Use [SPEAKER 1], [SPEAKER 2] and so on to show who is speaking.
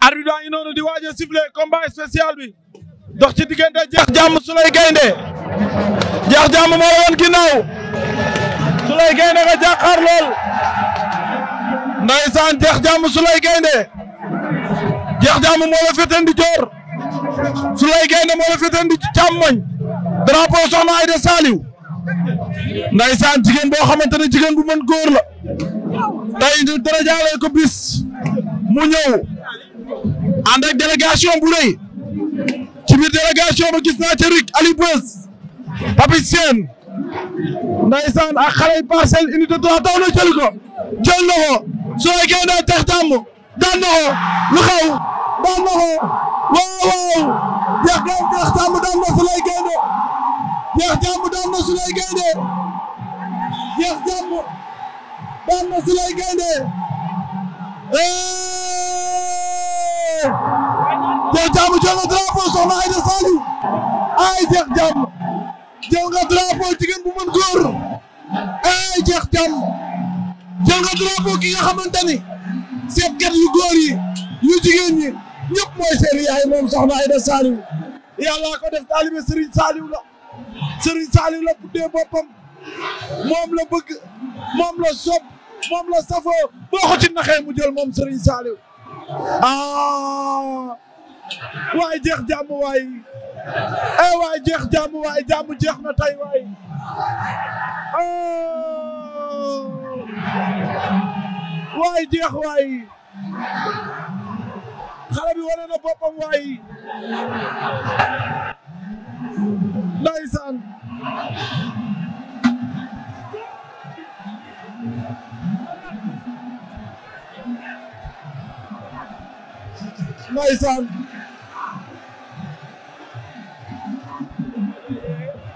[SPEAKER 1] arbitre baa ngi noonu di waaj a sifflé combat spécial bi dox ci diggante jeex jàmm Souleye Gaynde jeex jàmm moo woon ginnaaw Souleye Gaynde nga jàkkaar lool ndeysaan jeex jàmm Souleye Gaynde jeex jàmm moo la féete ndi joor Souleye Gaynde moo la féete ndi càmmoñ
[SPEAKER 2] drapeau soxna Aïda Saliou ndaysaan
[SPEAKER 1] jigéen boo xamante ne jigéen bu mën góor la tey ñu dara jaale mu ñëw ànd ak bu rëy ci biir délégation ba gis naa ci rik Ali Bës Papis Sène ndaysaan ak xale yi parcelle unité trois taw na jël ko jël soo gee na tax daan na ko lu xew daan daan tax tàmm daan na Souleye Gaynde jeex jàpp daan na eh!
[SPEAKER 2] na
[SPEAKER 1] drapeau soxna Aïda Saliou ay jeex jàmm jël nga jigéen bu mën góor ay jeex jàmm jël nga ki nga xamante ni seetkat yu góor yu jigéen ñi ñëpp mooy seen yaay moom soxna Aïda Saliou yàlla ko def taalibe Serigne Saliou la Serigne Saliou la tuddee boppam moom la bëgg moom la sopp moom la safoo boo ko ci naxee mu jël moom Serigne Saliou ah waaye jeex jàmm waay eh waay jeex jàmm waay jàmm jeex na tey waay ah! waay jeex waay xale bi boppam waay
[SPEAKER 2] ndeysaan ndeysaan